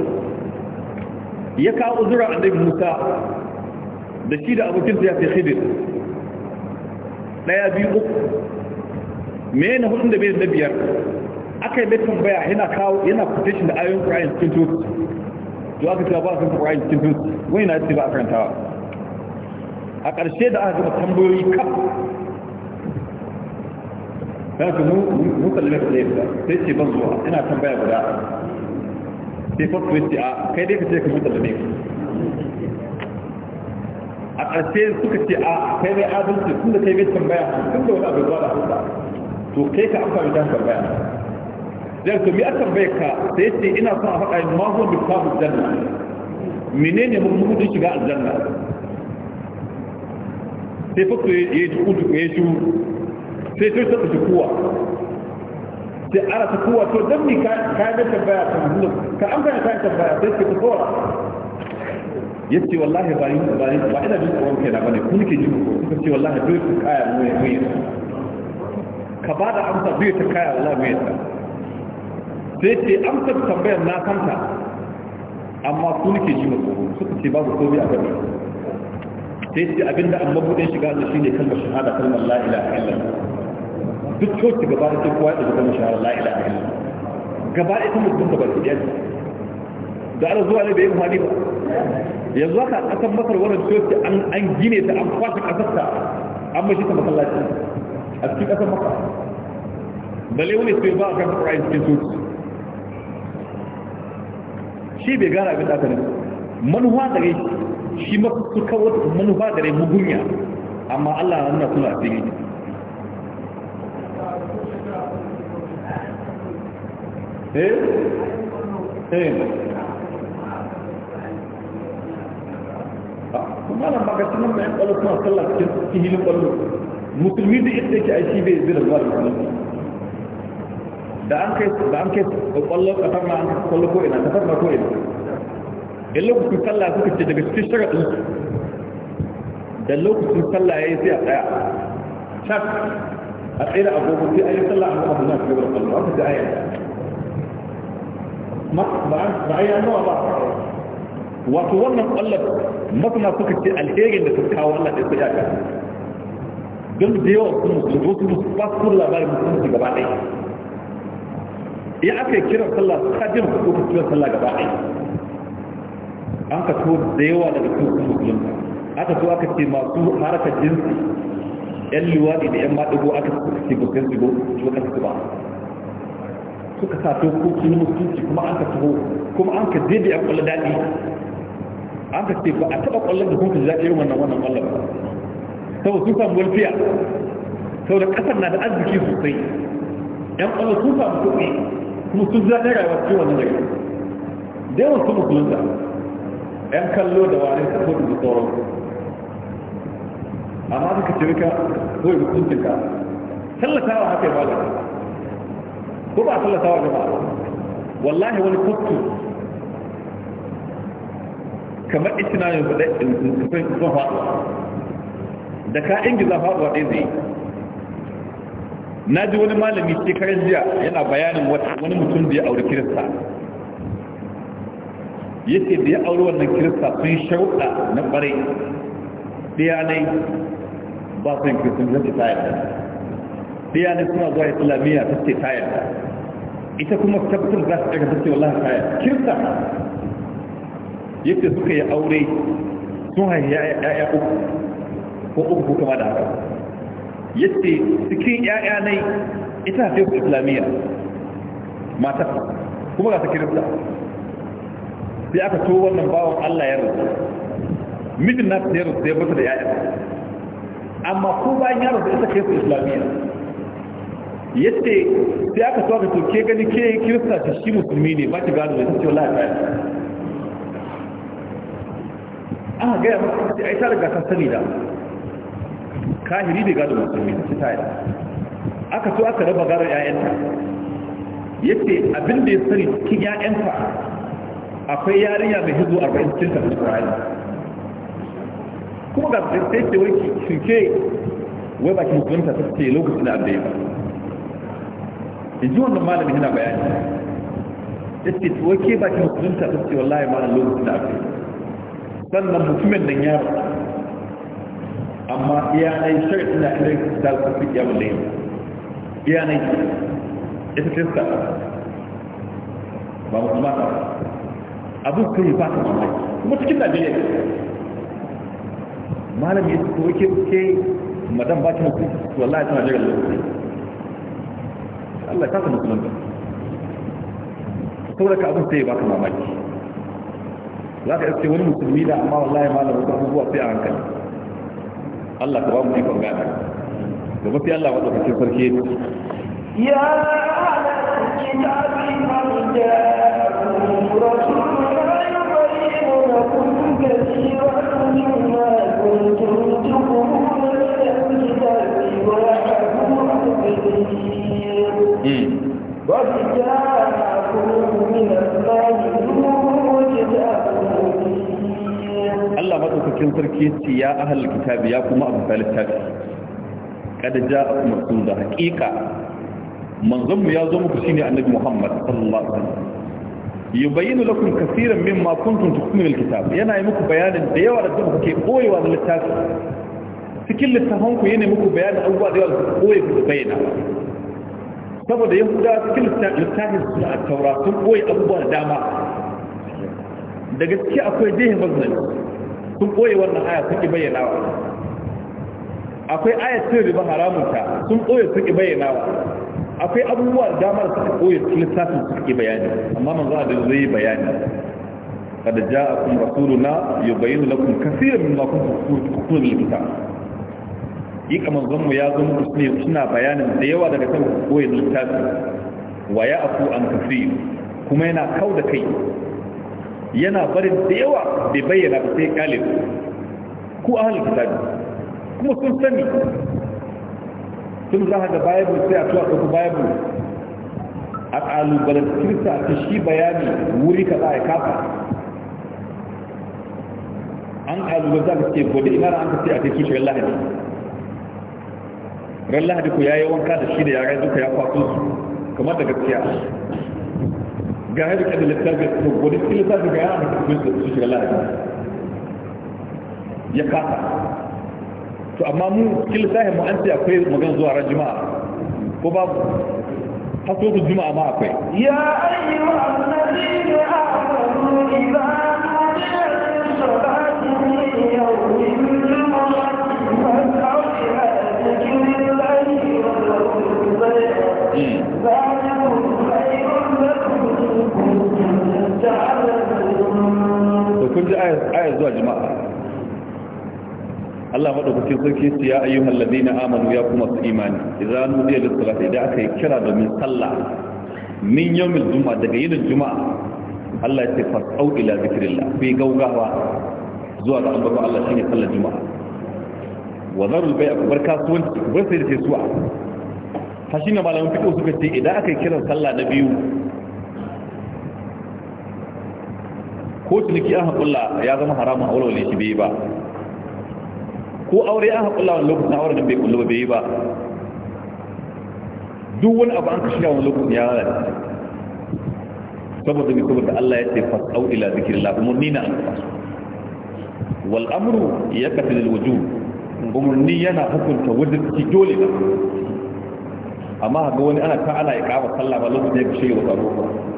ya kawo uzura annabi musa da shi da abokin ya fi khidir daya biyu uku mene na hudun da bai na biyar aka yi bai baya yana kawo yana quotation da ayoyin qur'ani cikin ciwon to aka cewa ba a san qur'ani cikin ciwon wani na ce ba a karantawa a ƙarshe da aka gama tambayoyi kaf za su mu sallame ku ɗaya sai ce ban zuwa ina tambaya guda sai fasu ya ce a kai dai ka ce ka mu sallame ku a ƙarshe suka ce a kai dai adalci tun da kai bai tambaya tun da wani abu zuwa da hausa to kai ka amfani da tambaya zai to mi a tambaye ka sai ce ina son a faɗa ma huwa da kafu janna menene mun mutu shiga aljanna sai fasu ya yi tukutu yi sai sai ta kuwa sai ana ta kuwa to don ni ka yi da baya ta mutum ka an ka ta tambaya sai ta kuwa ce wallahi ba yi ba ni ba ina jin tsoron kai na bane kuma ke jin ko ce wallahi dole su kaya mai mai ka ba da amsa zai ta kaya wallahi mai ta sai ce amsa tambayar na kanta amma kun ke ji mutu suka ce babu komi a gaba sai ce abinda amma budin shiga da shi ne kalmar shahada kalmar la'ila ilaha illallah duk coci gaba da cikin kowa ya zama shahara la'ila a hannu gaba da ita mutum da da yadda da ala zuwa ne bai yi muhadi ba yanzu haka kasar masar wannan coci an gine ta an kwashe kasar ta an mashi ta masallaci a cikin kasar masar balle wani sai ba a kan ƙura'in cikin coci shi bai gara abin da aka nufi da shi mafi su kawo manuwa da rai mugunya amma allah na nuna suna asiri ايه ايه kuma nan magacin nan mai kwallo suna sallah cikin fihilin kwallo musulmi da yadda yake aiki bai zira zuwa da musulmi da an kai da an kai kwallo kasar na an kwallo ko ina kasar na ko ina in lokacin sallah suka ce daga cikin sharaɗin su da lokacin sallah ya yi sai a tsaya chat a tsaye da agogo sai a yi sallah a gaba da nan su gaba da kwallo aka ji ayyana ba a yi ba wato wannan Allah masana suka ce alherin da suka kawo wannan da su yaka don da yawa sun musu wasu musu ba su labarin musulunci gaba ɗaya in aka yi kiran sallah ta jin su ka kiran sallah gaba ɗaya an ka to da yawa daga su sun musulunci aka to aka ce masu harakar jinsi yan luwaɗi da yan maɗigo aka ce ba su ba suka sa dokoki na mutunci kuma an ka taho kuma an ka daidai a kwallo daɗi an ka ce ba a taɓa kwallon da kun ka zaɗe wannan wannan kwallon ba saboda sun samu walfiya saboda ƙasar na da arziki sosai yan kwallo sun samu kuɗi kuma sun zaɗe rayuwa cikin wannan daga da yawan sun musulunta yan kallo da wani saboda da sauran amma suka cirka ko yi mutuncinka tallatawa haka ya ba da ko ba a sallata wa gaba wallahi wani kotu kamar itina yanzu da kusan faɗuwa da ka ingiza faɗuwa ɗaya zai na ji wani malami ce, shekarar jiya yana bayanin wani mutum da ya auri kirista yake da ya auri wannan kirista sun shauɗa na ɓare ɗiyanai ba su yin kirista ta yarda ɗiyanai suna zuwa islamiyya ta ce ta yarda ita kuma tabbatar za su daga tattawa Allah kaya kirta yadda suka yi aure sun haifi ya'ya uku ko uku ko kama da haka yadda cikin ya'ya ne ita hafi ku islamiyya mata kuma ga ta kirista sai aka to wannan bawon Allah ya rasu mijin na ta ya rasu ya bata da ya'ya amma ko bayan ya rasu ita kai su islamiyya yadda sai aka so ka toke gani ke kirista ta shi musulmi ne ba ki gano da cewa lafiya aka gaya masa a yi ta riga ta sani da kahiri bai gado musulmi da ta tayar aka so aka raba gano 'ya'yanta. yadda abin da ya sani cikin 'ya'yanta akwai yarinya mai hizo 40 cikin ta Isra'ila kuma ga sai ce wai ke wai ba ki musulunta ta ce lokacin da da ya ba in wannan malamin yana bayani ya ce tuwa ke ba ki musulunta ta ce wallahi ma lokacin da aka yi sannan mutumin nan ya rasu amma iya na yi shirin ina ina da su fi iya mulai iya na yi ita kirista ba mutum ba abu kai ba ta mamaki kuma cikin najeriya malami ya ce ke madan ba ki musulunta wallahi ta najeriya lokacin Allah ka kuma to da ka abin sai ba ka mamaki za ka iske wani musulmi da amma wallahi malamin ka abubuwa sai a hankali Allah ka ba mu ikon gane da mafi Allah wadda kake sarki ya ya ala kitabi man ja'akum Allah maɗaukakin sarki ce ya ahal kitabi ya kuma abu littafi kada ja a kuma sun da haƙiƙa manzanmu ya zo muku shine annabi Muhammad sallallahu alaihi wasallam yubayyinu lakum kaseeran mimma kuntum tukminu alkitab yana yi muku bayanin da yawa da kuke koyewa da littafi cikin littafin ku yana muku bayanin abubuwa da yawa da koyewa da bayyana saboda yahuda cikin littafin su a taura sun ɓoye abubuwa da dama da gaske akwai jihin mazinai sun ɓoye wannan aya sun ƙi bayyanawa akwai ayat cin riba haramunta sun ɓoye suke ƙi bayyanawa akwai abubuwa da dama da suka ɓoye cikin littafin su ƙi bayani amma za a da zai bayani kada ja'akum rasuluna yubayyinu lakum kaseeran mimma kuntum tukfuruna bil kitab dika manzonmu ya zama muku suna bayanin da yawa daga kan koyin littafi wa ya afu an kafi kuma yana kau da kai yana barin da yawa bai bayyana ba sai kalib ku ahalin kitabi kuma sun sani sun za ga bible sai a tuwa ɗauki bible a ƙalubalar kirista ta shi bayani wuri ka za a kafa an ƙalubalar za ka ce gobe ina an ka sai a kai kishirin lahadi ran lahadi ku yayi wanka da shi da yare duka ya kwato su kamar da gaskiya ga yadda kada littafi ko gode cikin littafi ga yana da kusurin su shiga lahadi ya kasa to amma mu cikin littafin mu an ce akwai magan zuwa ran juma'a ko babu haso ku juma'a ma akwai ya ayyuhan nabiyyu amanu idza nudiya lis-salati zuwa juma'a Allah madaukakin sarki ce ya ayyuhal ladina amanu ya kuma su imani idza nudiya da salati idan aka yi kira domin sallah min yawmil juma'a daga yinin juma'a Allah ya ce fasau ila zikrillah bi gaugawa zuwa ga ambaton Allah shine sallar juma'a wa zarul bai'a bar kasuwanci ku bar sai da sai su'a fa shine malamin fiqh suka ce idan aka yi kiran sallah na biyu ko ciniki an haƙulla ya zama haramun aure wani shi bai ba ko aure an haƙulla wani lokacin aure nan bai kullu bai ba duk wani abu an kashiya yawon lokacin ya lalace saboda mai saboda Allah ya ce fasau ila zikirillah umarni na wal amru ya kafi da wujub umarni yana hukunta wajen ci dole ba amma ga wani ana ta ana ya kawo sallah ba lokacin ya kashe wa tsaro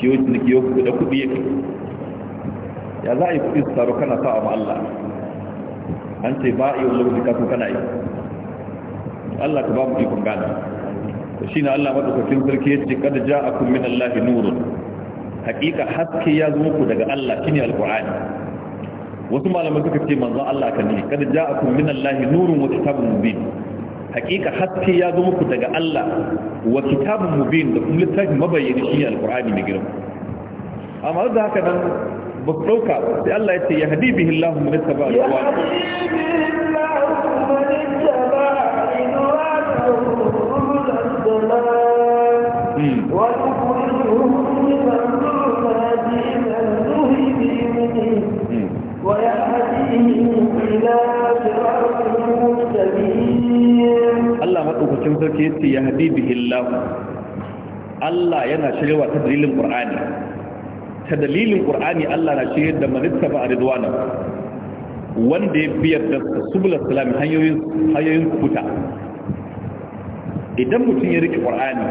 shi yau ciniki yau kuɗa kuɗi yake ya za a yi kuɗi su taro kana sa ma Allah an ce ba a yi wani lokaci kafin kana yi Allah ta ba mu ikon gane shi na Allah matsaukakin sarki ya ce kada ja a kun min Allah nurun hakika haske ya zo muku daga Allah shine alqur'ani wasu malamai suka ce manzon Allah ka ne kada ja a kun min Allah nurun wa kitabun mubin hakika haske ya zo muku daga Allah wa kitabun mubin da kuma littafin mabayyani shi alqur'ani mai girma amma da haka nan ba dauka sai Allah ya ce ya hadi bihi Allah man ittaba alqur'an ويخرجهم من الظلمات إلى النور بإذنه sarki ya ce ya hadi bihi Allah Allah yana shirywa ta dalilin Qur'ani ta dalilin Qur'ani Allah na shirya da malitta ba ridwana wanda ya biyar da subul salam hanyoyin hanyoyin kuta idan mutum ya rike Qur'ani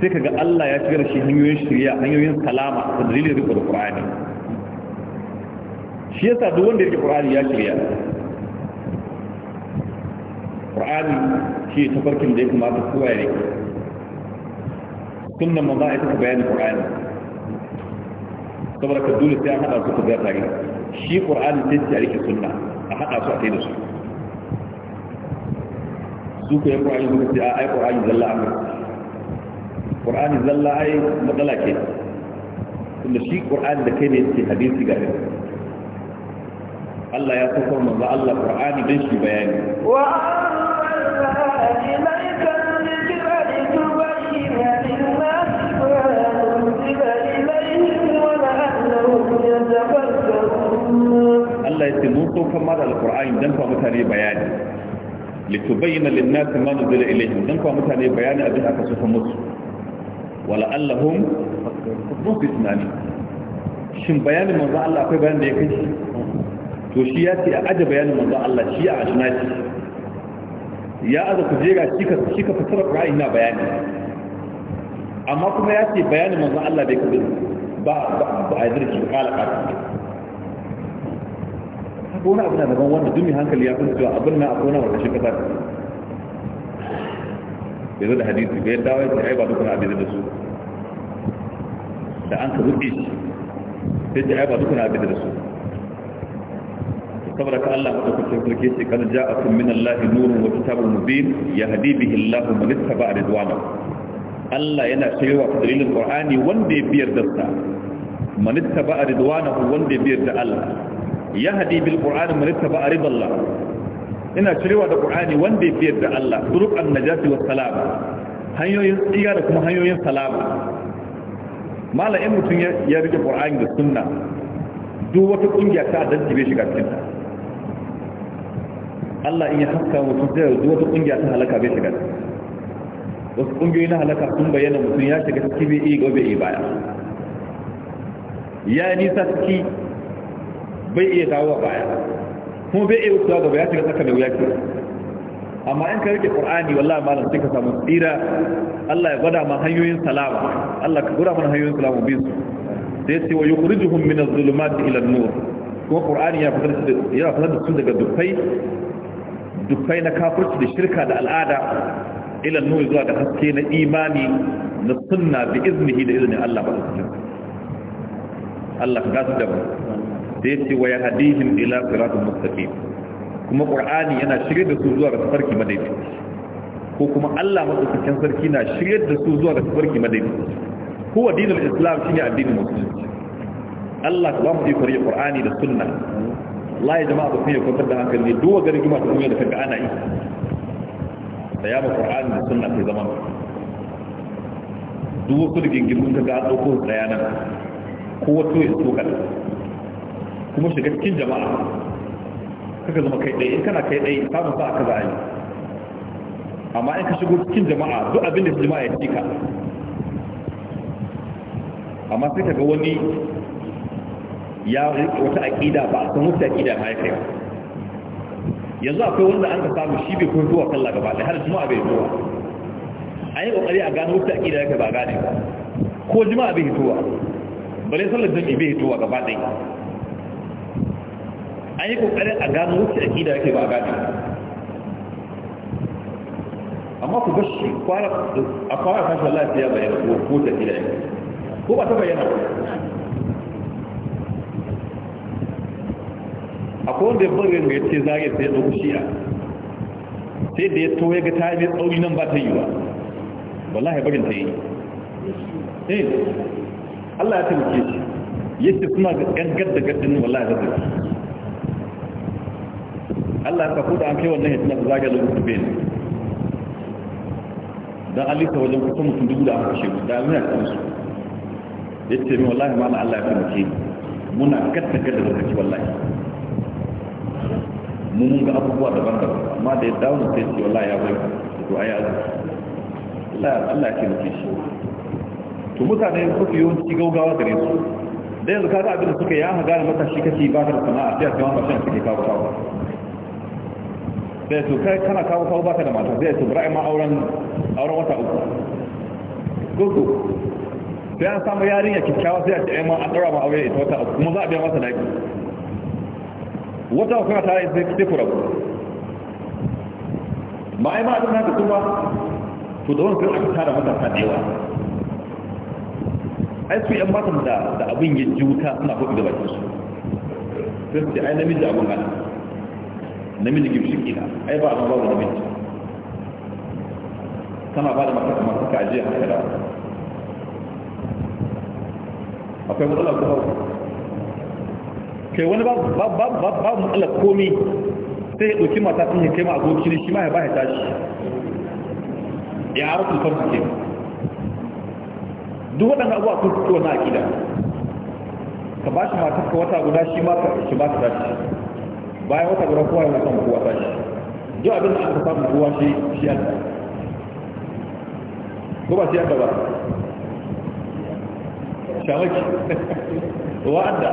sai kaga Allah ya shigar shi hanyoyin shirya hanyoyin salama ta dalilin rike Qur'ani shi ya sa duk wanda ya rike Qur'ani ya shirya shi tafarkin da ya kamata kowa ya rike sunnan manzo ita ta bayani qur'ani saboda ka dole sai an hada su ta tare shi qur'ani sai ta rike sunna a hada su a kai da su su ko yan qur'ani suka sai a ai qur'ani zalla amr qur'ani zalla ai matsala ke tunda shi qur'ani da kai ne yake hadisi ga Allah ya saka manzo Allah qur'ani bin shi bayani wa Allah ya ce mun saukar ma da alƙur'ani don fa mutane bayani litubayyana lin-nas ma nuzila ilayhim don fa mutane bayani abin aka saka musu wala allahum fadun fitnani shin bayanin manzo Allah akwai bayanin da ya kai to shi ya ce a aje bayanin manzo Allah shi a ashina shi ya aza ga shi ka shi ka fasara Qur'ani na bayani amma kuma ya ce bayanin manzo Allah bai kabi ba ba a zarki kala kafin ko wani abu na daban wanda duk hankali ya kun cewa abin na a kona wata shi kasa ya zo da hadisi bai dawo ya ai ba duk na abin da su da an ka rufe shi sai ce ai ba duk na abin da su saboda ka Allah mata kuce kulke shi kan ja'akum min Allah nurun wa kitabun mubin yahdi bihi Allah man ittaba ridwana Allah yana cewa ta dalilin Qur'ani wanda ya biyar da sa man ittaba ridwana wanda ya biyar da Allah yahdi bil ba a ittaba ridallah ina cirewa da qur'ani wanda ya fiyar da Allah turuq an jasi was salama hanyoyin tsiga da kuma hanyoyin salama mala in mutum ya rike qur'ani da suna duk wata kungiya ta addanci bai shiga cikin Allah in ya haska mutum sai duk wata kungiya ta halaka bai shiga wasu ƙungiyoyi na halaka sun bayyana mutum ya shiga ciki bai iya gobe baya ya nisa ciki bai iya dawowa baya kuma bai iya wucewa gaba ya shiga saka mai wuya ke amma in ka rike qur'ani wallahi malam sai ka samu tsira Allah ya gwada mana hanyoyin salama Allah ka gura mana hanyoyin salama bin su sai sai wa yukhrijuhum min adh-dhulumati ila an-nur kuma qur'ani ya fitar da ya fitar da su daga dufai dufai na kafirci da shirka da al'ada ila an-nur zuwa ga haske na imani na sunna bi iznihi da iznin Allah ba Allah ka gasu da mu da yace wa hadihin ila siratal mustaqim kuma qur'ani yana shirye da su zuwa ga tafarki madaidaici ko kuma Allah madaukakin sarki na shirye da su zuwa ga tafarki madaidaici huwa dinul islam shine addinin musulunci Allah ta bamu mu ikon yi qur'ani da sunna la ya jama'a ba kun yi kwantar da hankali ne duwa gari juma ta kunya da kanka ana yi da ya ma qur'ani da sunna kai zaman Duk su da gingimin ka ga an ɗauko su tsaya nan ko wato ya so kuma shiga cikin jama'a kaka zama kai ɗaya kana kai ɗaya samun sa aka za'a yi amma in ka shigo cikin jama'a duk abin da jama'a ya cika amma sai ka ga wani ya wata aƙida ba a san wata aƙida ba ya kai yanzu akwai wanda an ka samu shi bai kuma zuwa sallah gaba ɗaya har jama'a bai zuwa an yi ƙoƙari a gano wata aƙida ya kai ba gane ko jama'a bai hitowa bare sallar jami'i bai hitowa gaba ɗaya an yi kokarin a gano wuce akida yake ba a gane amma ku bashi kwara a kwara fashin lafiya bayan ko ko wuce akida yake ko ba ta bayyana a wanda da barin ga ce zage sai ya ɗauki shi'a sai da ya to ya ga ta yi tsauri nan ba ta yi ba wallahi barin ta yi eh Allah ya taimake shi yace suna ga gangar da gaddin wallahi da zai Allah ka kuda an kai wannan hitina da zaga da kutube ne dan alika wajen kusa mutum dubu da aka shigo da amina kan su yace min wallahi ma Allah ya muke muna katta kada da kaci wallahi mu mun ga abubuwa daban-daban amma da ya dawo sai ce wallahi ya bai to ai Allah Allah ya muke shi to mutane su fi ci gaugawa gare su da yanzu ka ga abin da suka ya gane matashi kace ba da sana'a sai a kama mashin suke kawo kawo zai su kai kana kawo kawo baka da mata zai su bira'i ma auren wata uku gugu sai an samu yarinya kyakkyawa sai a ce ma an ɗora ma aure ita wata uku kuma za a biya masa daki wata uku na tare sai sai ku rabu ba ai ma abin haka kuma to da wani sai aka tara matasa da yawa ai su yan matan da abin ya juta suna kuɗi da bakin su sai su ce ai namiji abin hana namiji gimshin ina ai ba a da namiji tana ba da mataka mataka ajiya a da akwai matsalar ko babu kai wani babu matsalar komi sai ya ɗauki mata sun yi kai ma abokin shi ma ya ba ya tashi ya harkar farko ke duk waɗanda abuwa sun fito na akida ka ba shi matar ka wata guda shi ma ka shi ma ta tashi baya wata gura kowa yana son kowa sashi duk abin da aka samu kowa shi shi yadda ko ba shi da ba shawaki wa'adda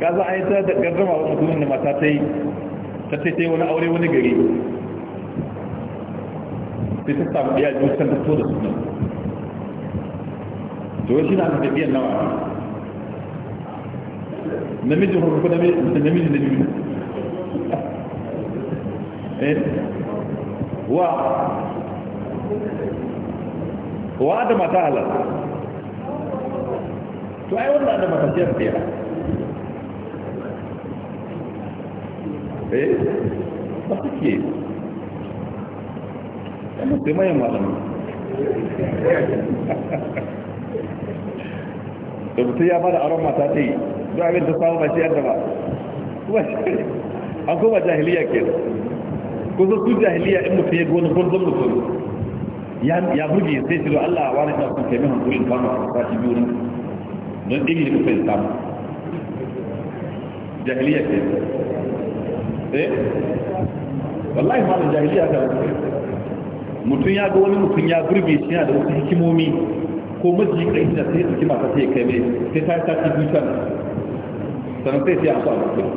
ka za a yi ta da gardama wasu mutumin da mata ta yi ta ta yi wani aure wani gari sai ta samu biya biyu can ta so da suna to shi na tafiyan nawa namijin farko ko namiji na biyu eh. wa wa da mata halar to ai wanda da ta siyar da eh ba su ke yana mayan da mutum ya bada aron mata ta yi don abin ta samu mashi yadda ba an kuma jahiliya ke ko zo su jahiliya in mutum ya wani gwanzon mutum ya buge sai shi don allah wani ta sun kemi hankali in kama a sashi biyu ne don ɗini da kusa samu jahiliya ke eh wallahi da jahiliya ta mutum ya ga wani mutum ya burge shi yana da wasu hikimomi ko maji kai ina sai su kima sai kai ne sai ta ta tibi san sanan sai sai a sa mutum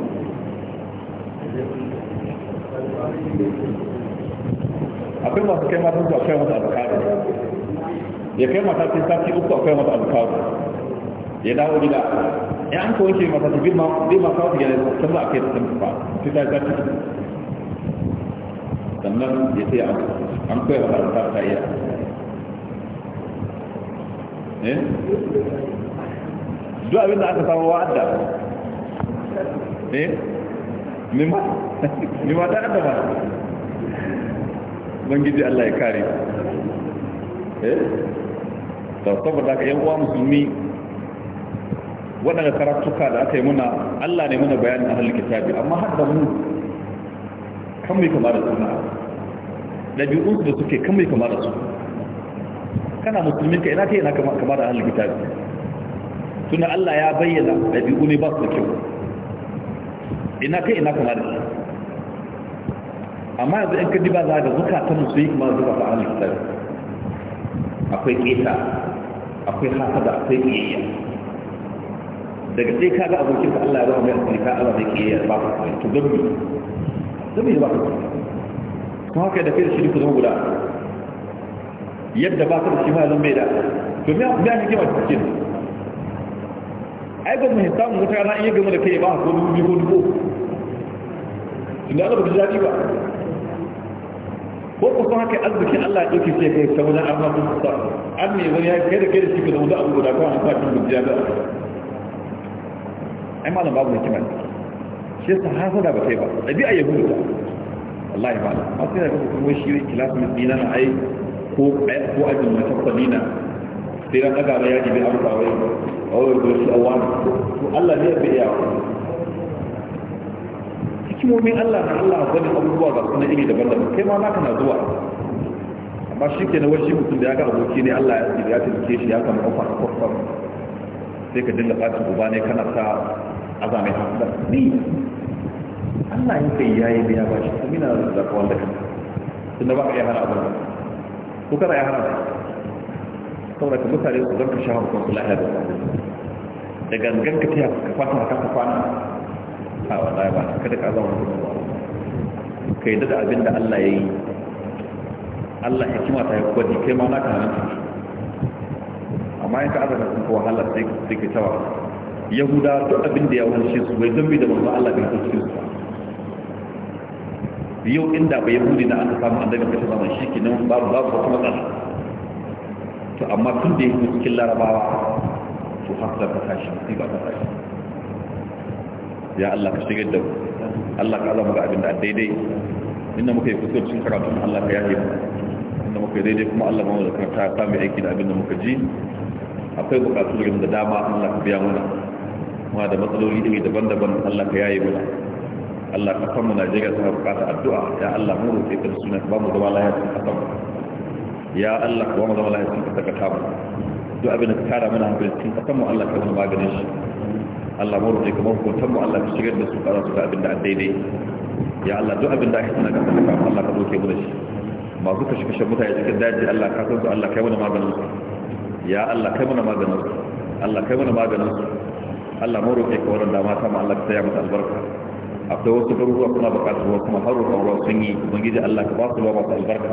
akwai masu kai mata su kai mata alƙaru ya kai mata sai sati uku akwai mata alƙaru ya dawo gida ya an kawance mata ta girma zai ma kawo gida ta za a kai ta tamfa sai ta sati sannan ya sai an koya mata alƙaru ta iya Eh? duk abin da aka samu wa'adda eh? ne ma ta adda ba gidi Allah ya kare eh ta saboda ka uwa musulmi waɗanda karatuka da aka yi muna Allah ne muna bayanin ahalin kitabi amma hada mu kan mai kama da suna ɗabi'unsu da suke kan mai kama da suna kana musulmin ka ina ta ina kama da ahalin kitabi tunda Allah ya bayyana ɗabi'u ne ba su da kyau ina kai ina kama da shi amma yanzu in ka diba za ga zukatan su yi kuma zuka ta ahalin kitabi akwai keta akwai hasada akwai kiyayya daga sai ka ga abokin ka Allah ya zama mai asiri ka Allah zai kiyayya ba ka to don me don me ba ka kuma haka da kai da shi ku zama guda yadda ba ka da shi mai zan da to me me ake kima cikin ai ga mun samu wuta na iya game da kai ba ko dubu ko dubu tunda Allah bai jadi ba ko kusan haka arzikin Allah ya dauke sai kai wajen amma kun sa an ne wani ya kai da kai da shi ka da abu guda ko an fatin da ba ai malam babu ne kiman shi yasa hasada ba kai ba dabi'a yahudu wallahi ba ma sai da kuma shi kilasin dina na ai ko ko ajin mata kwalina sai ran daga ya yaji bai kawai wai awai ko shi awan to Allah ne bai iya hikimomin Allah na Allah wani abubuwa ga kuma iri daban-daban kai ma na kana zuwa amma shi ke na wani mutum da ya ga aboki ne Allah ya ke shi ya samu kofa kofar sai ka dinga ɓata uba ne kana sa azamai hasada ni Allah ya kai yayi biya ba shi kuma ina da zakawa da kan tunda ba ka yi hana abin da ko kana ya haramta saboda ka mutane su zanka shahar kuma su lahiya da da gangan ka tiya ka fata ka ka kwana a wata ba kada ka zama ka yi daga abin da Allah ya yi Allah kima ta yi kwaji kai ma na kanan ta amma in ka azaka sun kowa halar sai ka tawa yahuda duk abin da ya shi su bai zambi da manzo Allah bai kusa su yau inda bai yahudi na aka samu annabi ka samu shi ke nan babu babu wata matsala to amma tun da ya kuma cikin larabawa to haka ta tashi musiba ta tashi ya Allah ka shigar da Allah ka azama ga abin da daidai inda muka yi kusur cikin karatu Allah ka yafe mu inda muka yi daidai kuma Allah mawa da karta ta mai aiki da abin da muka ji akwai bukatu da dama Allah ka biya mana kuma da matsaloli iri daban-daban Allah ka yaye mana Allah ka san mu Najeriya tana bukata addu'a ya Allah mu rufe ka sunan ba mu zama lafiya cikin kasar ya Allah ka ba mu zama lafiya cikin kasar ka tamu duk abin da ka tara mana hankali cikin kasar mu Allah ka zama maganin shi Allah mu rufe ka mu hukuntar mu Allah ka shigar da su ƙara da ga abin da a daidai ya Allah duk abin da ake tana kasar ka Allah ka roƙe mu da shi masu kashe-kashe mutane cikin daji Allah ka san su Allah kai mana maganin su ya Allah kai mana maganin su Allah kai mana maganin su Allah mu rufe ka wannan dama ta mu Allah ka tsaya mata albarka akwai wasu garuruwa suna bukatar ruwa kuma har roƙon ruwa sun yi ubangiji Allah ka ba su ruwa masu albarka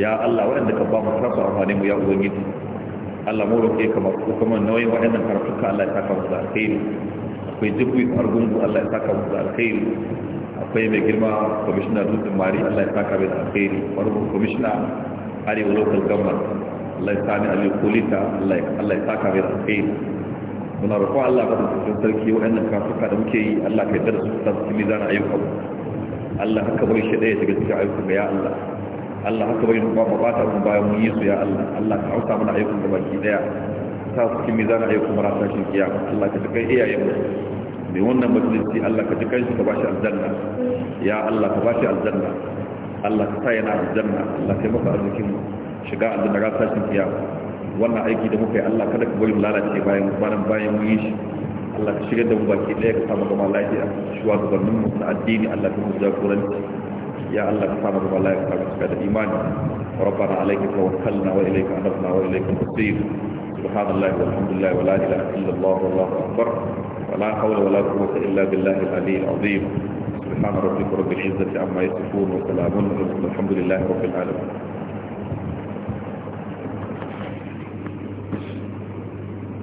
ya Allah waɗanda ka ba mu karsu amfani mu ya ubangiji Allah mu roƙe ka masu kuma nauyin waɗannan karfuka Allah ya saka musu da alkhairi akwai jibbi argungu Allah ya saka musu da alkhairi akwai mai girma kwamishina dutsen mari Allah ya saka mai da alkhairi farko kwamishina arewa local government Allah ya sani aliyu kulita Allah ya saka mai da alkhairi muna roƙon Allah ba da sarki waɗannan kafuka da muke yi Allah ka yi da su ta cikin mizanin ayyukan Allah haka bai shi ɗaya daga cikin ayyukan ya Allah Allah haka bai ba ba ta mun bayan mun yi su ya Allah Allah ka auka mana ayyukan da baki daya ta cikin mizanin ayyukan marasa shi kiyama Allah ka tukai iyayen mu mai wannan majalisi Allah ka ji kanshi ka bashi aljanna ya Allah ka bashi aljanna Allah ka sa yana aljanna Allah ka yi maka arzikin shiga aljanna ga tashin kiyama wannan aiki da muka yi Allah kada ka bari mu lalace bayan bayan bayan mu yi shi Allah ka shirya da mu baki ɗaya ka samu gaba lafiya shugabannin mu na addini Allah ka mu jagoranci ya Allah ka samu gaba lafiya ka cika da imani ربنا عليك توكلنا وإليك أنبنا وإليك المصير سبحان الله والحمد لله ولا إله إلا الله والله أكبر ولا حول ولا قوة إلا بالله العلي العظيم سبحان ربك رب العزة عما يصفون وسلام الحمد لله رب العالمين